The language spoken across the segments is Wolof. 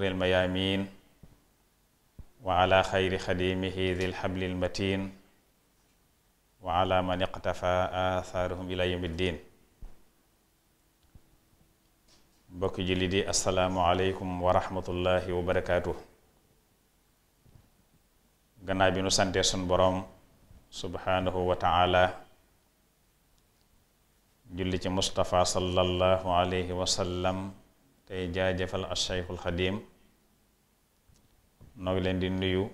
شر الميامين وعلى خير خديمه ذي الحبل المتين وعلى من اقتفى آثارهم إلى يوم الدين mbokki julli di asalaamualeykum wa rahmatullahi wa barakaatu gannaaw bi nu santee sun subhaanahu wa taala julli ci mustapha sallallahu alayhi wa sallam tey jaajëfal ashaykhul xadim noo leen di nuyu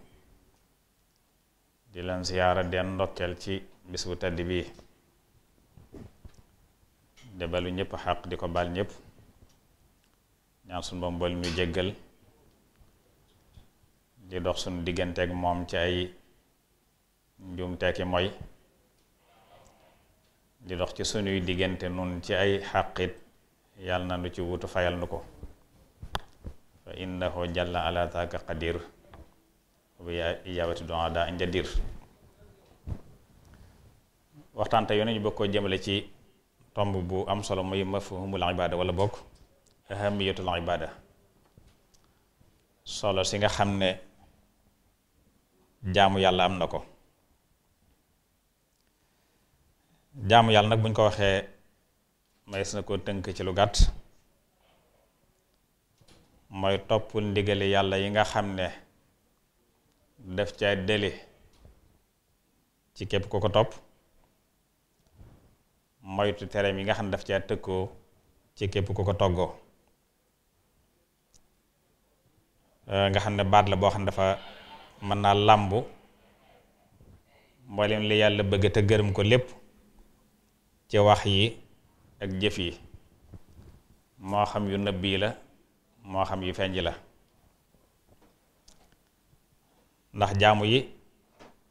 di leen siyaara den ndokkeel ci bis bu tedd bii de balu ñëpp xaq di ko bal ñëpp ñaan suñu ñu jéggal di dox suñu digganteeg moom ci ay njuumteeki mooy di dox ci sunuy diggante nun ci ay xàqit yàlla na nu ci wutu fayal nu ko fa innahu jalla ala taaka qadir bi ijaabati doa daa inda dir waxtaan tey yoon ñu bokk jëmale ci tomb bu am solo muy mafhumul ibaada wala bokk ahamiyatul ibaada solo si nga xam ne jaamu yàlla am na ko jaamu yàlla nag buñ ko waxee mayees na ko tënk ci lu gàtt mooy topp ndigali yàlla yi nga xam ne def ca deli ci képp ko ko topp moytu tereem yi nga xam ne daf ca tëkkoo ci képp ko ko toggoo euh, nga xam ne baat la boo xam ne dafa mën naa làmb mboolem li yàlla bëgg te gërëm ko lépp ci wax yi ak jëf yi moo xam yu nëbbi la moo xam yu fenj la ndax jaamu yi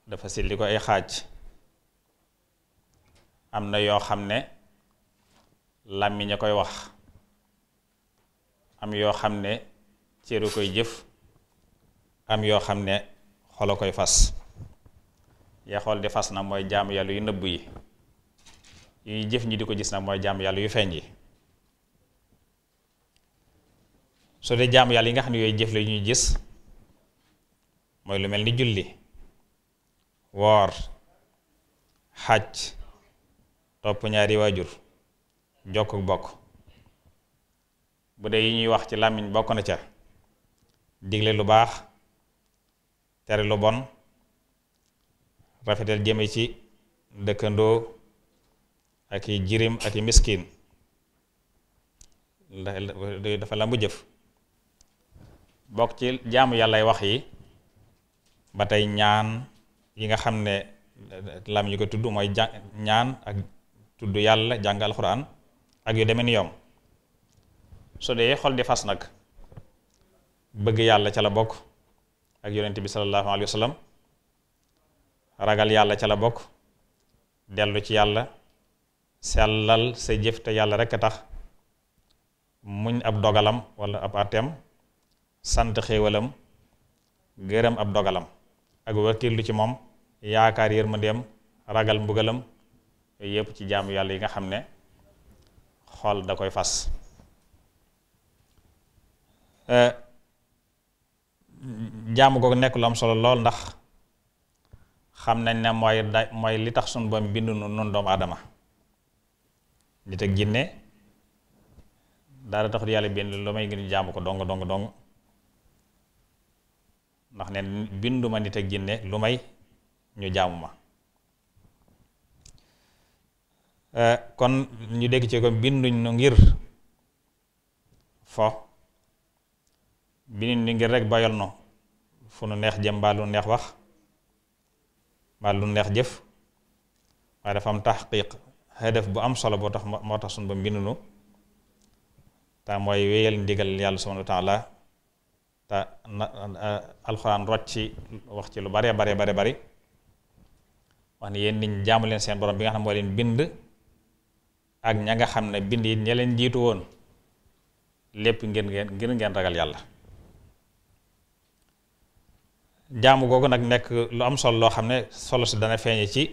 dafa silli ko ay xaaj am na yoo xam ne làmmiñ a koy wax am yoo xam ne céru koy jëf am yoo xam ne xol a koy fas ya xool di fas na mooy jaamu yàlla yu nëbb yi yu jëf ñi di ko gis na mooy jaamu yàlla yu feeñ yi su dee jaamu yàlla yi nga xam ne yooyu jëf la ñuy gis mooy lu mel ni julli woor xaj topp ñaari waajur jokk bokk bu dee yi ñuy wax ci làmmiñ bokk na ca digle lu baax tere lu bon rafetal jëme ci dëkkandoo ak i jirim ak i miskin dafa la jëf bokk ci jaamu yàllay wax yi ba tey ñaan yi nga xam ne lam ñu ko tudd mooy jàng ñaan ak tudd yàlla jàng alxuraan ak yu demee ni yoom dee xol di fas nag bëgg yàlla ca la bokk ak yonent bi sallallahu alayhi wa ragal yàlla ca la bokk dellu ci yàlla sellal sa jëf te yàlla rekk a tax muñ ab dogalam wala ab àtteem sant xéewalam gërëm ab dogalam ak lu ci moom yaakaar yërmandeem ragal mbugalam yooyu yëpp ci jaamu yàlla yi nga xam ne xool da koy fas euh, jaamu googu nekk lu am solo lool ndax xam nañ ne mooy da mooy li tax sun boom bindu nu nun doomu aadama nit ak da dara taxut yàlla bind lu may gën jaamu ko dong dong dong ndax ne binduma nit ak jinne lu may ñu jaamu ma eh, kon ñu dégg ci ko binduñ nu ngir fo binduñ nu ngir rek bayal no fu nu neex jëm mbaa lu neex wax mbaa lu neex jëf waaye dafa am taxqiq bu am solo boo tax moo tax suñ ba mbindunu te mooy wéyal ndigal yàlla subhanahu wa taala na alxuraan rocc ci wax ci lu bare bare bare bari wax ne yéen nit jaamu leen seen borom bi nga xam ne moo leen bind ak ña nga xam ne bind yi ña leen jiitu woon lépp ngeen ngeen ngir ngeen ragal yàlla jaamu googu nag nekk lu am solo loo xam ne solo si dana feeñe ci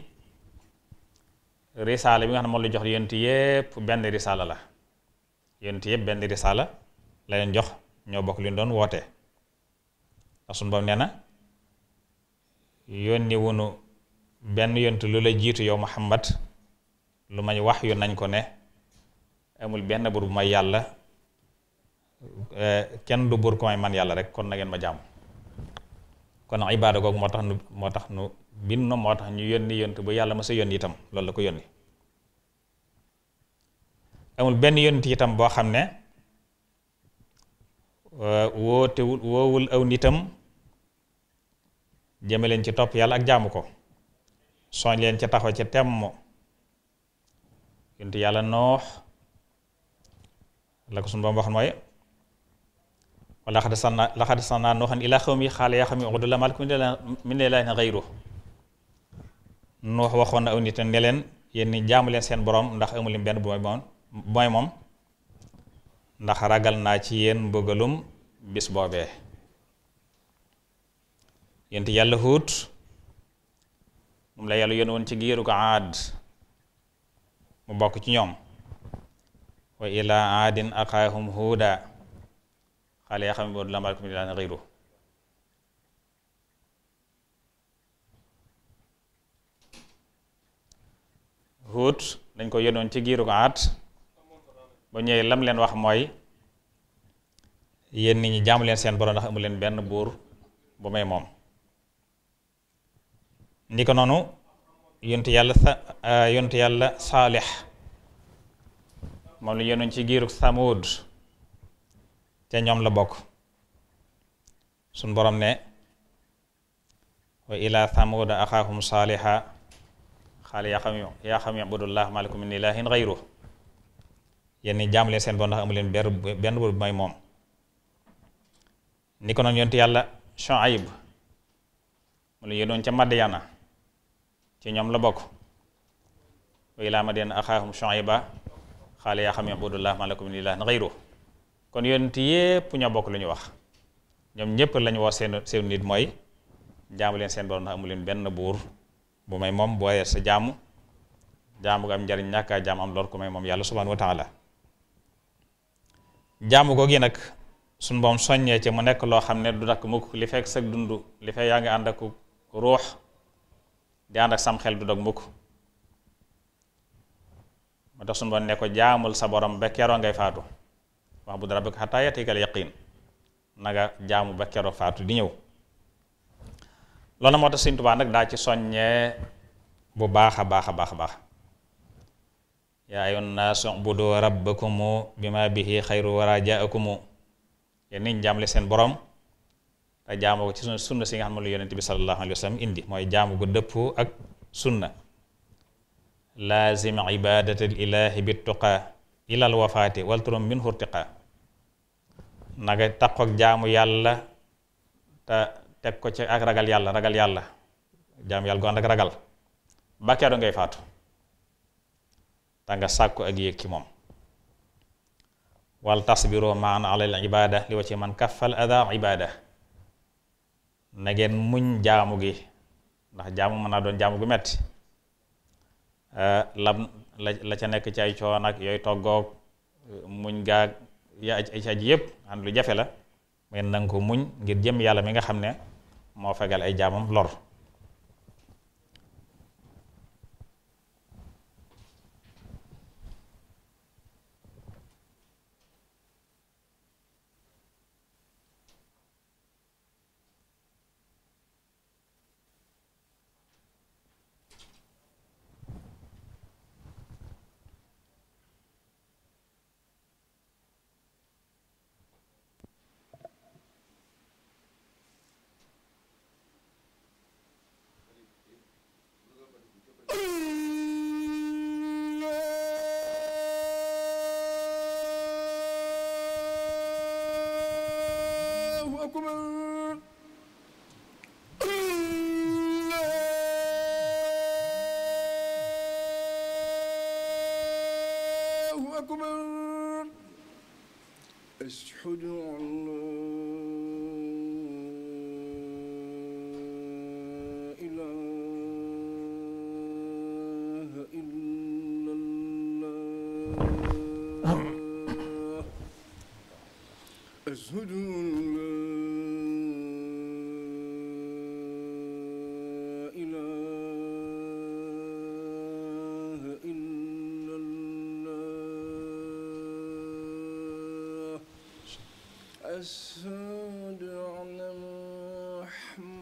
risaala bi nga xam ne moom la jox yonent yépp benn risaala la yonent yépp benn risaala la leen jox ñoo bokk li ñu doon wootee ndax suñu borom nee na yónni wunu benn yontu lu la jiitu yow Muhammad lu may wax yu nañ ko ne amul benn buur bu may yàlla e, kenn du buur ko may man yàlla rek kon nageen ma jàmm kon ibaada googu moo tax nu moo tax nu bind moo tax ñu yónni yontu bu yàlla ma sa yónni itam loolu la ko yónni amul benn yonent itam boo xam ne wootewul woowul aw nitam jëme leen ci topp yàlla ak jaamu ko soñ leen ca taxaw ca temm yonent yàlla noox la ko sunu Boroom wax mooy wala xad sanna la xad sanna nooxan ilaa xawmi xaala yaa xawmi u'budu llaaha maa lakum min ilaahin noox waxoon na aw nitam ne leen yéen jaamu leen seen boroom ndax amulim benn bu mooy moom ndax ragal naa ci yenn mbëggalum bis boobee yent yàlla huut moom la yàlla yoon woon ci giiru ko mu bokk ci ñoom wa ila aadin aqaahum huuda xaale yaa xam ne boobu la malakum ilaahin ghayru huut dañ ko yoon woon ci giiru ko aad ñëwee lam leen wax mooy yéen nit ñi jaamu leen seen boro ndax amu leen benn buur bu may moom ni ko noonu yontu yàlla sa yontu yàlla saalix moom la yónnoon ci giirug Samuud te ñoom la bokk sun borom ne wa ila Samuuda axaahum saaliha xaal yaa xam yaa xam ibudullah malakum min ilahin xayru yéen ñi jaamu leen seen borom ndax amu leen benn buur bu may moom ni ko noonu yonent yàlla Shuayb mu la yónnoon ca Madyana ci ñoom la bokk laa wa ilaa Madyana axaahum Shuayba xaala yaa qawmi ubudullaah maa lakum min ilaahin ghayruh kon yonent yépp ñoo bokk lu wax ñoom ñépp lañu wax seen seen nit mooy jaamu leen seen borom ndax leen benn buur bu may moom bu waye sa jaamu jaamu nga am njariñ ñàkkaa jaam am lor may moom yàlla subhaanahu wa taala jaamu nag suñ boom soññee ci mu nekk loo xam ne du dakk mukk li fekk sag dund li fekk yaa ngi ànd ak ruux di ànd ak sam xel du dog mukk moo tax suñ boom ne ko jaamul sa borom ba keroo ngay faatu wax bu dara bëgg xataa yatikal yaqin naga jaamu ba keroo faatu di ñëw loolu moo tax Sëriñ Tuubaa nag baax a baax a baax a yéen nañ jaamle seen borom te jaamoo ko ci sunna sunna si nga xam ne lu yonent bi sallallahu alayhi indi mooy jaamu gu dëppoo ak sunna laazim ibadati l ilahi bi tuqaa ilal wafaati walturum min hurtiqaa naga taqoog jaamu yàlla te teg ko ci ak ragal yàlla ragal yàlla jaamu yàlla gu ànd ragal ba keroog ngay faatu te nga sàkku ak yéeg ci moom wal tasbiru maan alal ibaada li wa ci man kaffal ada ibaada na muñ jaamu gi ndax jaamu mën naa doon jaamu gu metti eh, lam la la ca nekk ci ay coon ak yooyu toggoog muñ gaag ya ci aj yëpp xam lu jafe la ngeen nanga ko muñ ngir jëm yàlla mi nga xam ne moo fegal ay jaamam lor أشهد أن لا إله إلا الله أشهد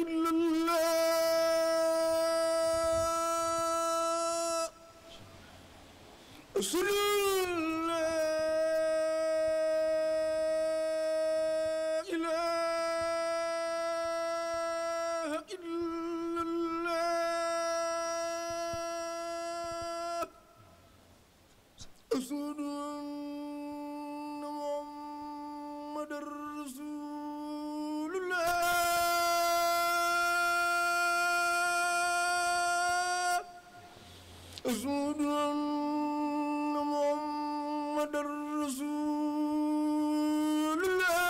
إلا الله وأشهد أن محمد رسول الله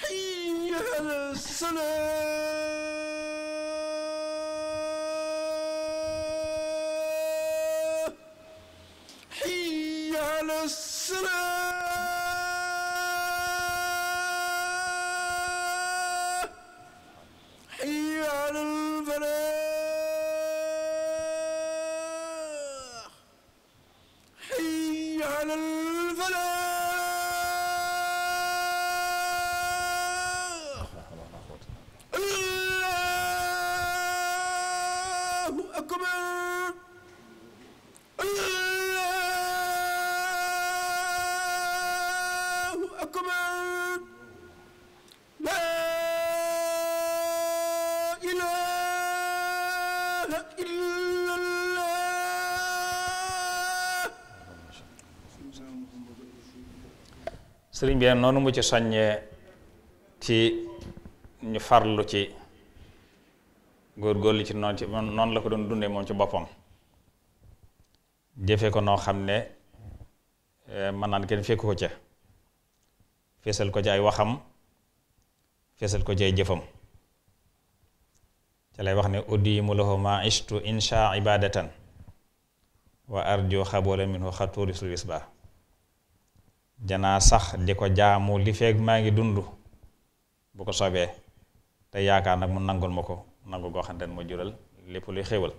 حي على السلام الله أكبر الله noonu mu ci soññee ci ñu farlu ci góorgóorlu ci noonu ci noonu la ko doon dundee moom ci boppam jëfe ko noo xam ne eh, mën naan kenn fekku ko ca feesal ko ci ay waxam feesal ko ci ay jëfam ca lay wax ne uddimu lahu ma ishtu insha ibadatan wa arju xaboola minhu xaturisul wisba janaa sax di ko jaamu li feeg maa ngi dund bu ko sobee te yaakaar nag mu nangul ma ko nangu goo xam ne moo jural lépp luy xéewal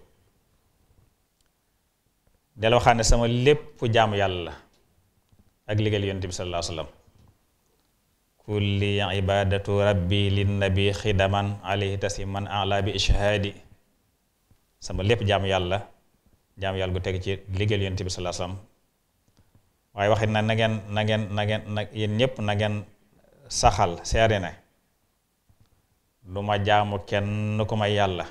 del waxaat ne sama lépp jaamu yàlla la ak liggéeyal yonent bi sallallahu alayhi kulli ibadatu rabbi linnabi xidaman alayhi bi ishhaadi sama lépp jaamu yàlla jaamu yàlla gu teg ci liggéeyal yonent bi sallallahu alayhi waaye waxit na na ngeen na na ngeen na yéen saxal seere ne du ma jaamu kenn ku may yàlla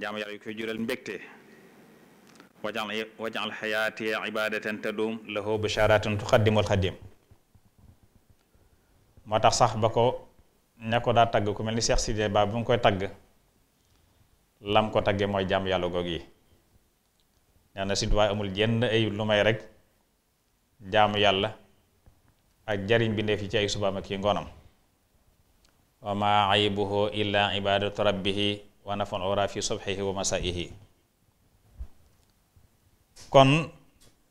jaamu yàlla yu koy jural mbégte wajal wajal xayaati ibadatan tadum lahu bisharatun tuqaddimul xadim moo tax sax ba ko ña ko daa tagg ku mel ni Cheikh Sidé Ba bu mu koy tagg lam ko tagge mooy jàmm yàlla goog yi nee na sit amul jenn ay lu may rek jaamu yàlla ak jariñ bindeef yi ci ay subaam ak ngoonam wa ma ayibuhu illa ibadatu rabbihi wa nafan ora fi subhihi wa masaihi kon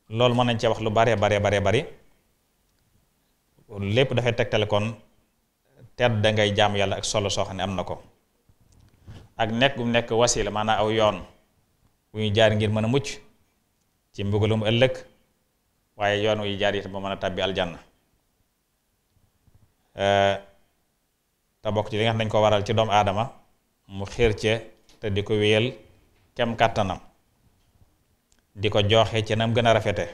loolu mën nañ cee wax lu baree bare baree bari lépp dafay tegtale kon tedd da ngay jaam yàlla ak solo soo xam ne am na ko ak nekk bu nekk wasila maanaa aw yoon bu ngi jaar ngir mën a mucc ci mbugalum ëllëg waaye yoon wu ñu jaar ba mën a tàbbi aljanna eh, te bokk ci li nga xam dañ ko waral ci doomu aadama mu xiir ci te di ko wéyal kem kàttanam di ko joxe ci nam gën a rafete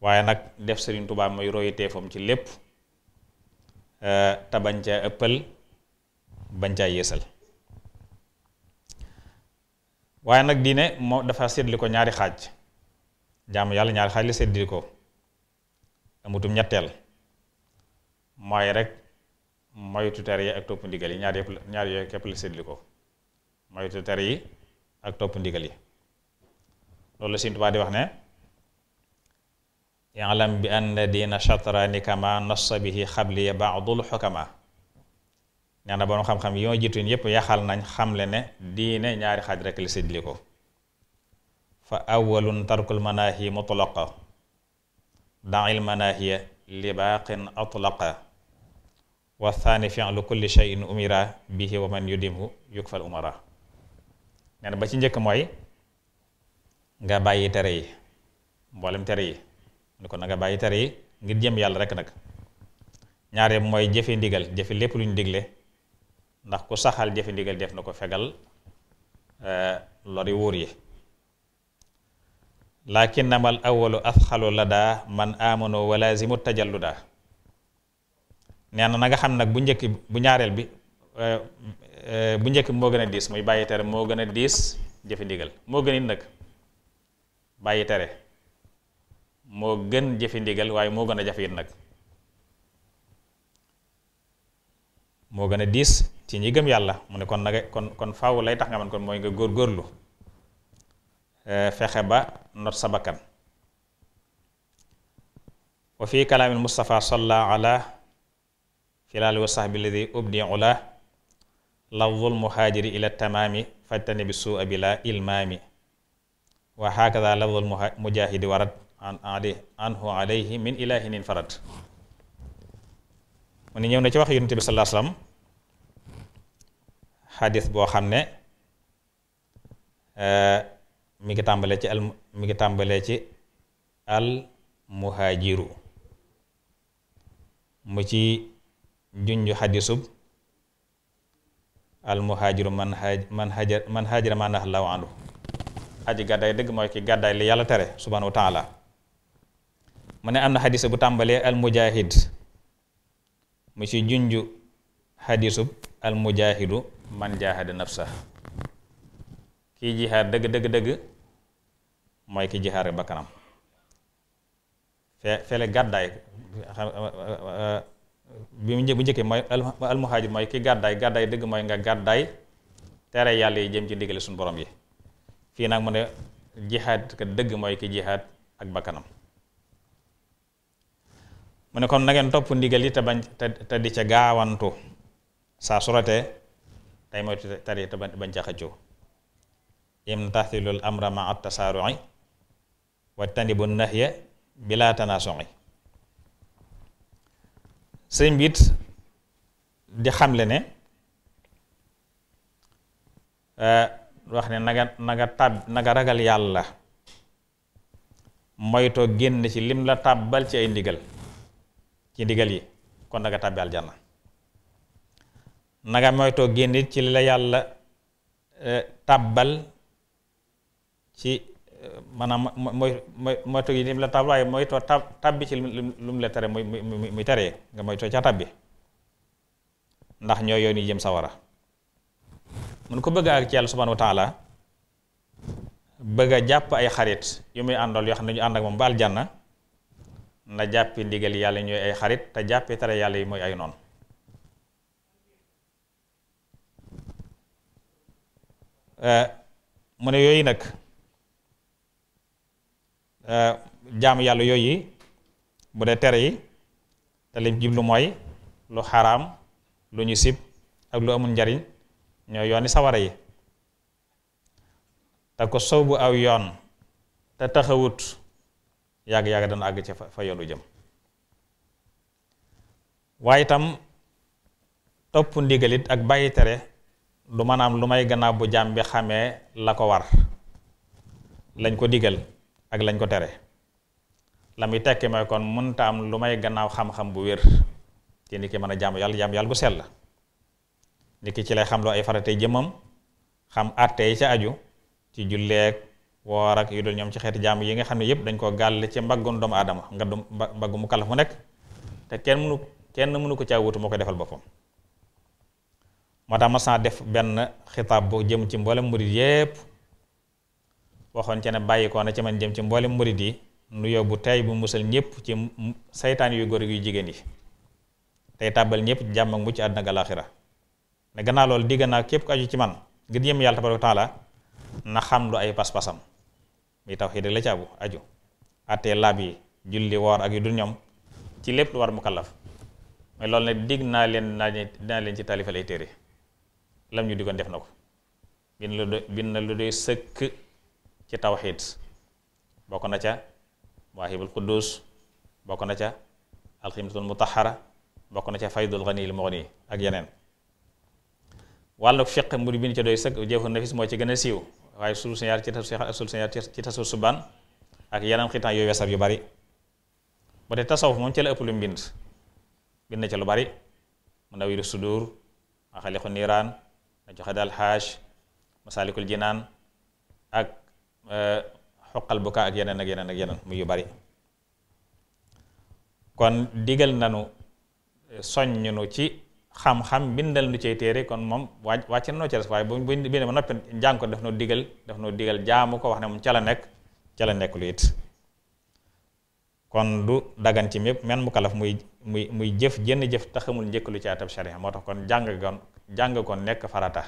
waaye nag def Sëriñ Tuubaa muy royuteefam ci lépp e, te bañ caa ëppal bañ caa yéesal waaye nag diine moo dafa séddli ko ñaari xaaj jaamu yàlla ñaari xaaj la séddli ko amutum ñetteel mooy rek moytu tere ak topp ndigal yi ñaar yëpp ñaar yooyu képp la séddli ko yi ak topp ndigal yi loolu la Sëriñ Tuubaa di wax ne yalam bi anna diina chatrani kama nassa bihi xabli baadul xukama nee na borom xam-xam yi ma jiitu yépp yaxal nañ xamle ne diine ñaari xaaj rekk li séddli ko fa awalun tarkul manaahi mutlaqa dail manaahiya li baaqin atlaqa wa thani fi'lu kulli shay'in umira bihi wa man yudimhu yukfal umara nee ba ci njëkk mooy nga bàyyi tere yi mboolem tere yi ni ko na bàyyi tere yi ngir jëm yàlla rek nag ñaaree mooy jëfe ndigal jëfe lépp lu ñu digle ndax ku saxal jëfe ndigal def na ko fegal eh, lori wóor yi lakinnamal awalu afxalu la daa man amano walazimu tajallu daa nee na na nga xam nag bu njëkk bu ñaareel bi eh, eh, bu njëkk bi moo gën a diis mooy bàyyi tere moo gën a diis jëfe ndigal moo gën a nag bàyyi tere moo gën jëfi ndigal waaye moo gën a jafe it nag moo gën a diis ci ñi gëm yàlla mu ne kon nag kon kon faaw lay tax nga man kon mooy nga góorgóorlu eh, fexe ba not sa bakkan wa fi kalaamil Mustafa salla ala filaali wa sahbi alladi ubdi ula lafdul muhaajiri ila tamaami fajtani bi suu abi la ilmaami wa hakada lafdul mujahidi warad anhu alayhi min ilahin infarad mu ne ñëw na ci wax yonent bi sallallahu alayhi wasallam xadis boo xam ne eh, mi ngi tàmbalee ci al mi ngi tàmbalee ci al muhajiru mu ci junj xadisub al man haaj man haajara man haajara ma nahallahu anhu aji gàddaay dëgg mooy ki gàddaay li yàlla tere subhaanahu wa taala mu ne am na xadisa bu tàmbalee al mujahid mu ci junju xadisub al mujahidu man jaahada nafsa kii jihaar dëgg dëgg dëgg mooy ki jihaare bakkanam fe fele gàddaay bi mu bu njëkkee mooy al muhaajir mooy ki gàddaay gàddaay dëgg mooy nga gàddaay tere yàlla yi jëm ci ndigale suñu borom yi fii nag mu ne jihaad ka dëgg mooy ki jihaad ak bakkanam mu ne kon na ngeen topp ndigal yi te bañ te di ca gaawantu saa surate tey mooy tari te bañ ca xëccoo imtathilul amra ma at tasaaru'i wa tanibu nahya bila tanasu'i sëñ biit di xamle ne eh, wax ne naga naga tab naga ragal yàlla moytoo génn ci lim la tàbbal ci ay ndigal ci ndigal yi kon naga tàbbi aljanna naga moytoo génn ci li la yàlla e, tàbbal ci e, maanaam mooy mooy moytu yi lim la tàbbal waaye moytoo tab ci lu mu la tere muy muy muy teree nga moytoo ca tabbi ndax ñoo yoon yi jëm sawara mun ko bëgg ak ci yàlla subhanahu wa taala bëgg a jàpp ay xarit yu muy àndal yoo xam ne ñu ànd ak moom baal jànna na jàppi ndigal yàlla ñooy ay xarit te jàppi yàlla yi mooy ay noon eh, mu ne yooyu nag eh, jaamu yàlla yooyu bu dee tere yi te lim jiblu mooy lu xaraam lu ñu sib ak lu amul njariñ ñoo yoon yi sawara yi te ko bu aw yoon te taxawut yàgg-yàgg dana àgg ca fa yoonu jëm waaye itam topp ndigalit ak bàyyi tere du maanaam lu may gannaaw bu jàmbi bi xamee la ko war lañ ko digal ak lañ ko tere la muy tekki mooy kon mënta am lu may gannaaw xam-xam bu wér te ni ki mën a jaamu yàlla jaamu yàlla gu sell la ndikki ci lay xam loo ay faratey jëmmam xam atte yi ca aju ci julleeg woor ak yu dul ñoom ci xeeti jàmm yi nga xam ne yëpp dañ koo gàll ci mbaggoon doomu aadama nga du mbaggu mu nekk te kenn mënu kenn mënu ko caa wutu moo koy defal boppam moo tax mas naa def benn xitaab bu jëm ci mboole murid yépp waxoon ci ne bàyyi na ci man jëm ci mboolem murid yi nu yóbbu tey bu musal ñëpp ci seytaan yu góor yu jigéen yi tey tàbbal ñëpp jàmm ak mucc àddina ak ne gannaaw loolu digg naa képp ku aju ci man ngir jëm yàlla tabaaraka taala na xam lu ay pas-pasam muy tawhiid la caabu aju àttee laab yi julli woor ak yu dul ñoom ci lépp lu war mukallaf mais loolu ne digg naa leen naa dinaa leen ci taalifa ay téere lam ñu diggoon def na ko bind lu doy bind na lu doy sëkk ci tawhiid bokk na ca waahibul quddus bokk na ca alximdatul mutahara bokk na ca faydul ghani al mughni ak yeneen wàllu fiq mbir bi ñu ci doy sëg jeexu nafis moo ci gën a siiw waaye sul siñaar ci tasu seexal ak sul siñaar ci tasu subaan ak yeneen xiitan yooyu wesar yu bari ba tey tasawuf moom ci la ëpp lu mbind bind na ci lu bari mu nawiru sudur ma xalixu niiraan a joxe daal xaaj masaalikul jinaan ak xoqal eh, buka ak yeneen ak yeneen ak yeneen mu yu bari kon digal nanu eh, soññu nu ci xam-xam bindal nu cey téere kon moom waa wàcc noo ca des waaye bu bindee ba noppi njàng ko daf noo digal daf noo digal jaamu ko wax ne moom ca la nekk ca la nekk lu it kon du dagan ci mépp men mu kalaf muy muy muy jëf jënn jëf te xamul njëkk lu ci atab sharia moo tax kon jàng kon jàng kon nekk farata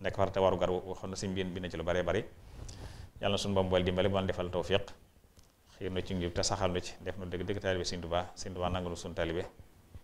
nekk farata waru gar waxoon na si mbiin bi na ci lu bare bari yàlla na suñu boom bool dimbali bon defal tawfiq xiir na ci njub te saxal nu ci def nu dëgg dëgg taalibe Sëriñ Tuubaa Sëriñ Tuubaa nangalu suñu taalibe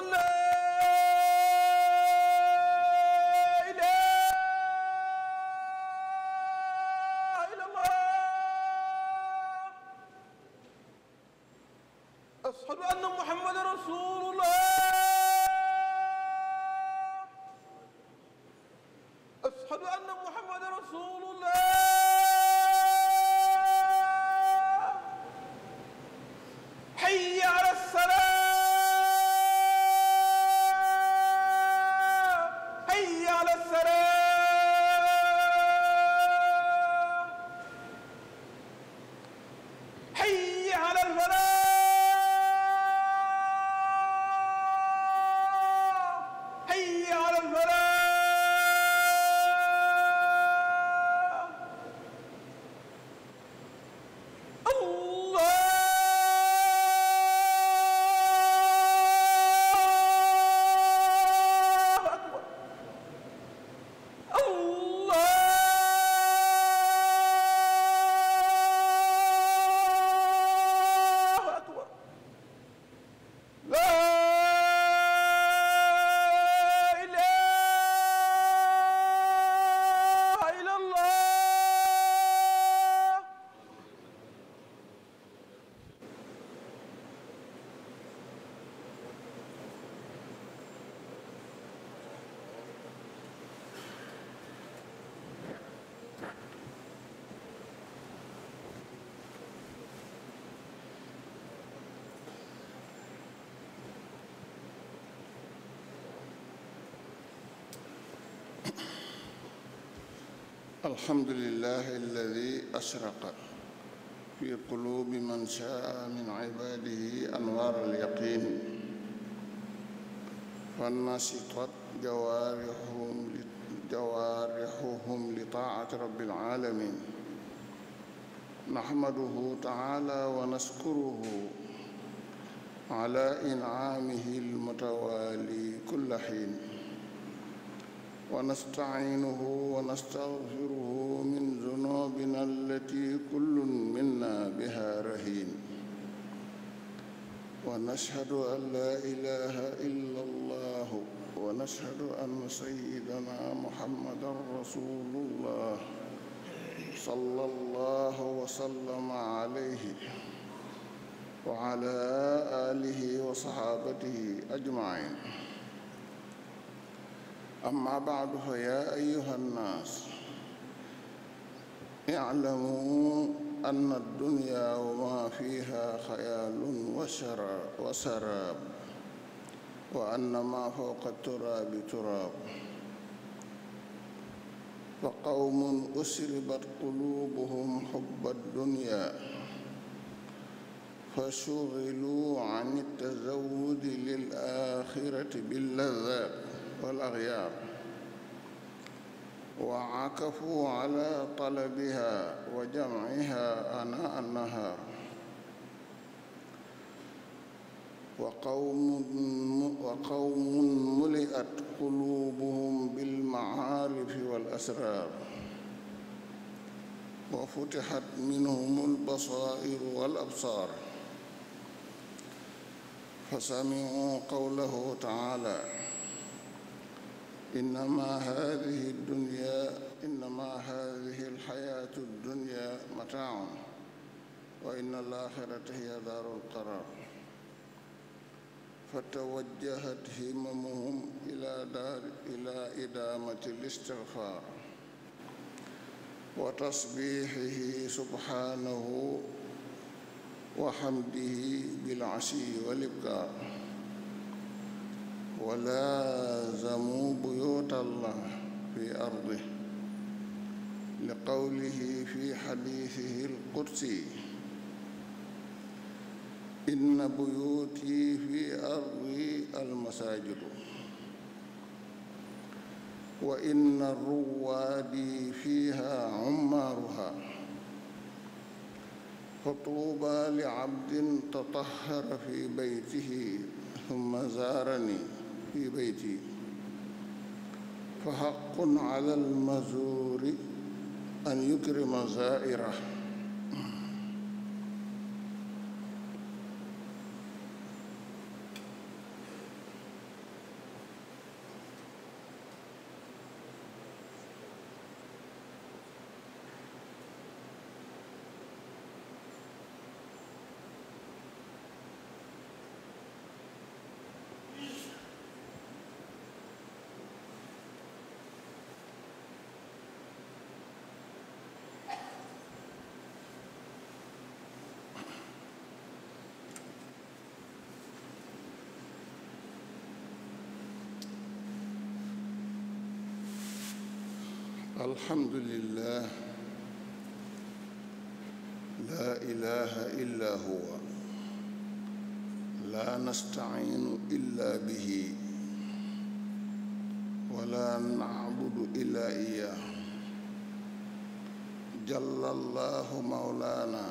صلى الحمد لله الذي أشرق في قلوب من شاء من عباده أنوار اليقين فنشطت جوارحهم جوارحهم لطاعة رب العالمين نحمده تعالى ونشكره على إنعامه المتوالي كل حين ونستعينه ونستغفره من ذنوبنا التي كل منا بها رهين ونشهد أن لا إله إلا الله ونشهد أن سيدنا محمدا رسول الله صلى الله وسلم عليه وعلى آله وصحابته أجمعين أما بعد فيا أيها الناس اعلموا أن الدنيا وما فيها خيال وسراب وأن ما فوق التراب تراب وقوم أسربت قلوبهم حب الدنيا فشغلوا عن التزود للآخرة باللذات والأغيار وعكفوا على طلبها وجمعها آناء النهار وقوم, وقوم ملئت قلوبهم بالمعارف والأسرار وفتحت منهم البصائر والأبصار فسمعوا قوله تعالى إنما هذه الدنيا إنما هذه الحياة الدنيا متاع وإن الآخرة هي دار القرار فتوجهت هممهم إلى دار إلى إدامة الاستغفار وتسبيحه سبحانه وحمده بالعشي والإبكار ولازموا بيوت الله في أرضه لقوله في حديثه القدسي إن بيوتي في أرضي المساجد وإن الروادي فيها عمارها فطوبى لعبد تطهر في بيته ثم زارني في بيتي فحق على المزور أن يكرم زائره الحمد لله لا إله إلا هو لا نستعين إلا به ولا نعبد إلا إياه جل الله مولانا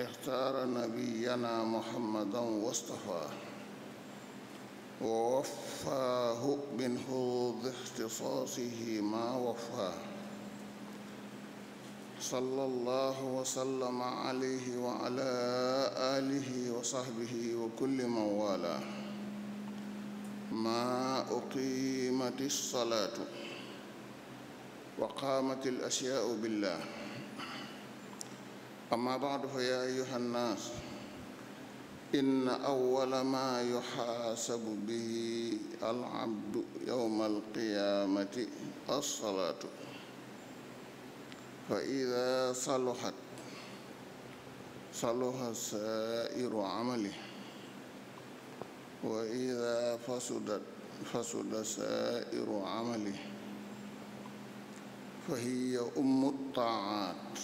اختار نبينا محمدا واصطفاه ووفاه من خوض اختصاصه ما وفاه صلى الله وسلم عليه وعلى آله وصحبه وكل من والاه ما أقيمت الصلاة وقامت الأشياء بالله أما بعد فيا أيها الناس إن أول ما يحاسب به العبد يوم القيامة الصلاة فإذا صلحت صلح سائر عمله وإذا فسدت فسد سائر عمله فهي أم الطاعات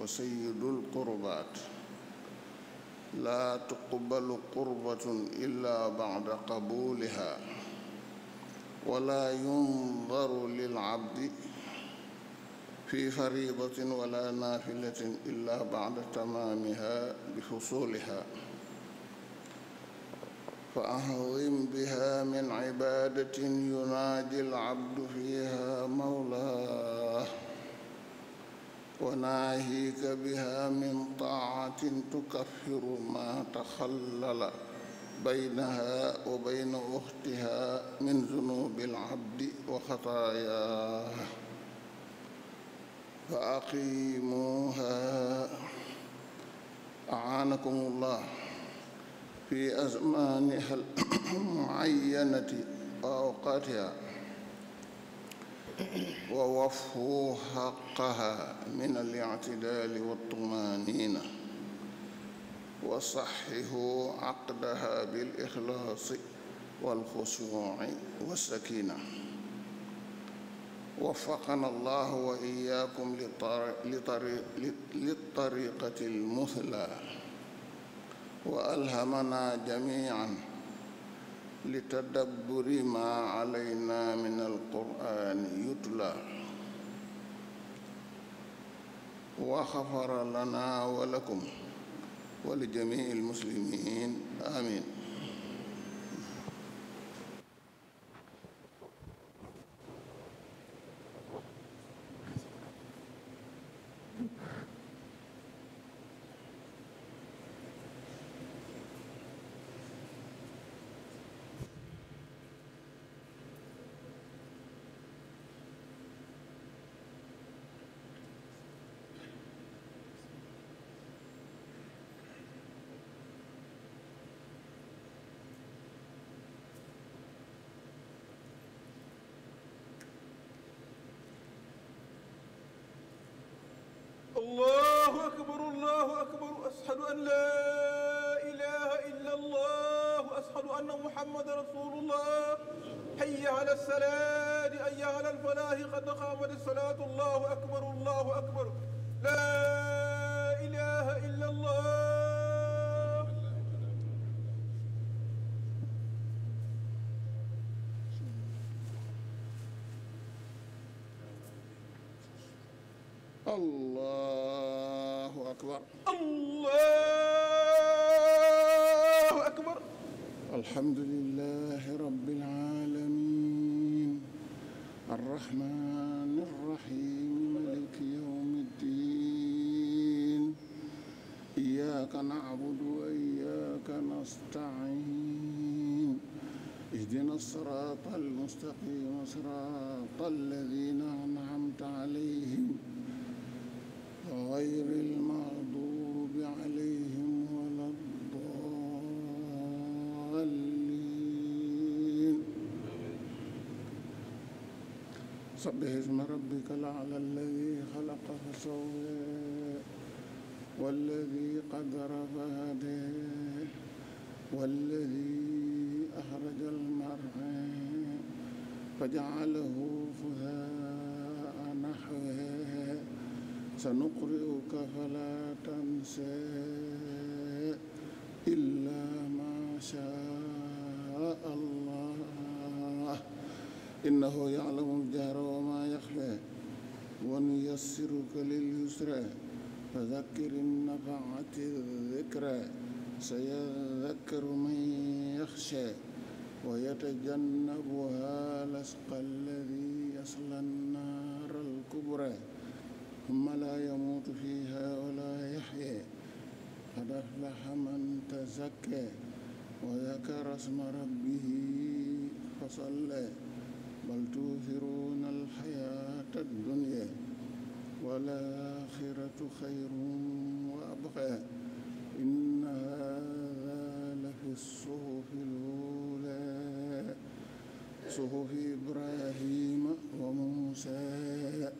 وسيد القربات laa tuqbalu qurbatun illaa bacda qabuuliha walaa yundaru lilcabdi fi fariidatin wala naafilatin illaa bacda tamaamiha bifusuuliha fa ahdim biha min cibaadatin yunaadi alcabdu fiha mawlaa وناهيك بها من طاعة تكفر ما تخلل بينها وبين أختها من ذنوب العبد وخطاياه فأقيموها أعانكم الله في أزمانها المعينة وأوقاتها ووفوا حقها من الاعتدال والطمانينة وصححوا عقدها بالإخلاص والخشوع والسكينة وفقنا الله وإياكم للطريقة المثلى وألهمنا جميعاً لتدبر ما علينا من القرآن يتلى وغفر لنا ولكم ولجميع المسلمين آمين أشهد أن لا إله إلا الله أشهد أن محمد رسول الله حي على السلام أي على الفلاح قد قامت الصلاة الله أكبر الله أكبر لا sabbih isma rabbika al-a'la alladhi khalaqa fa sawwa walladhi qaddara fa hada walladhi akhraja al-mar'a faja'alahu fuhaa'an nahwa sanuqri'uka fala tansa illa ma sha'a Allah innahu ya'lamu al-jahra السهل ونيسرك لليسر فذكر النفعة الذكرى سيذكر من يخشى ويتجنبها لسقى الذي يصلى النار الكبرى ثم لا يموت فيها ولا يحيى قد أفلح من تزكى وذكر اسم ربه فصلى بل تؤثرون الحياة الدنيا والآخرة خير وأبقى إن هذا لفي الصحف الأولى صحف إبراهيم وموسى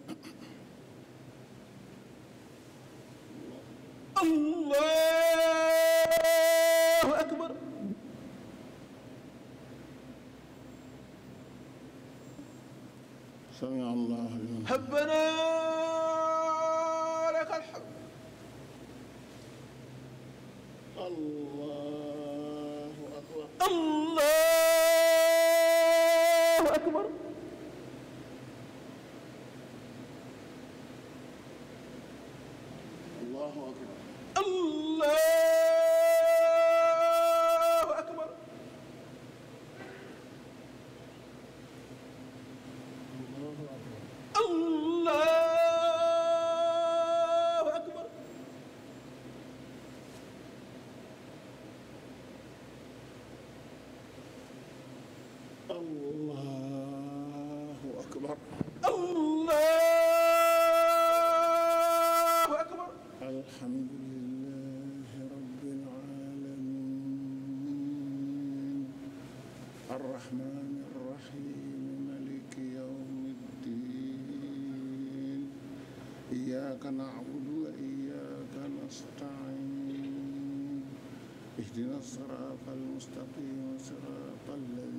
سمع الله لمن حبنا لك الحب الله أكبر الله الرحمن الرحيم ملك يوم الدين إياك نعبد وإياك نستعين اهدنا الصراط المستقيم صراط الذين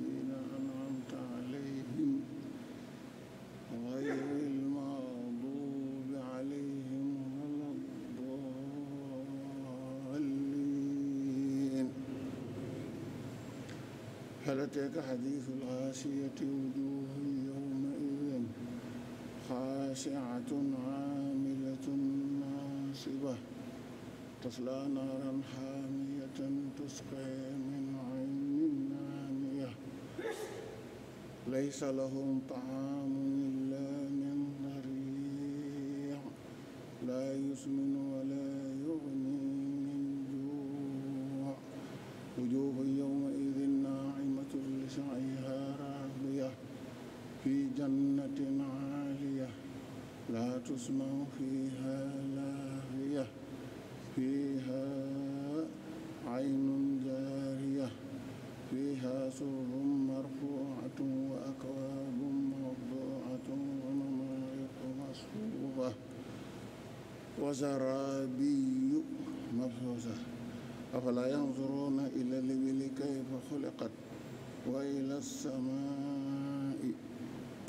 هل أتاك حديث الغاشية وجوه يومئذ خاشعة عاملة ناصبة تصلى نارا حامية تسقى من عين آنية ليس لهم طعام إلا من ضريع لا يسمن ولا يغني من جوع وجوه يوم جنة عالية لا تسمع فيها لاغية فيها عين جارية فيها سرر مرفوعة وأكواب موضوعة ونمارق مصفوفة وزرابي مبثوثة أفلا ينظرون إلى الإبل كيف خلقت وإلى السماء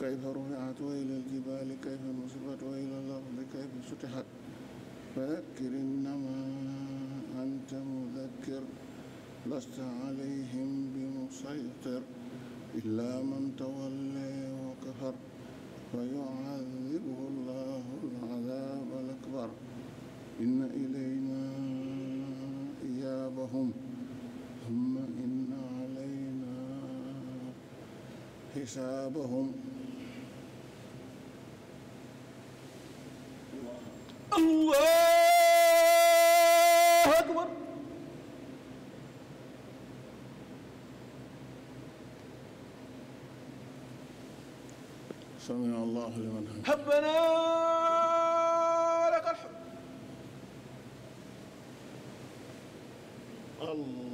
كيف رفعت وإلى الجبال كيف نصبت وإلى الأرض كيف سطحت فذكر إنما أنت مذكر لست عليهم بمسيطر إلا من تولي وكفر فيعذبه الله العذاب الأكبر إن إلينا إيابهم ثم إن علينا حسابهم سمع الله لمن حمده ربنا لك الحمد الله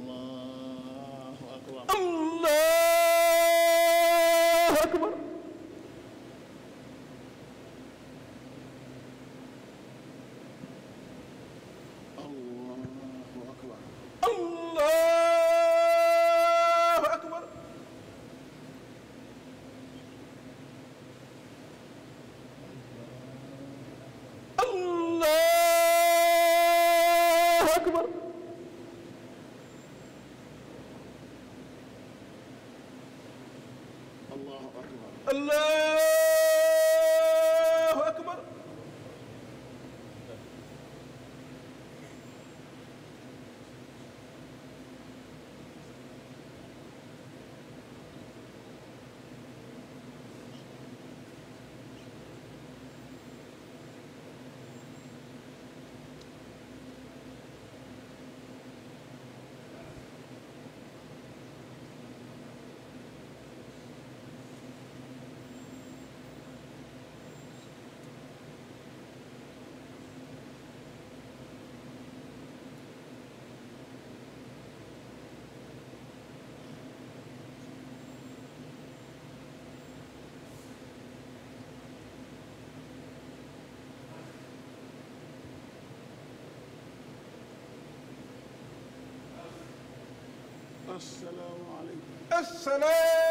asalaamaaleykum. asalaamaaleykum.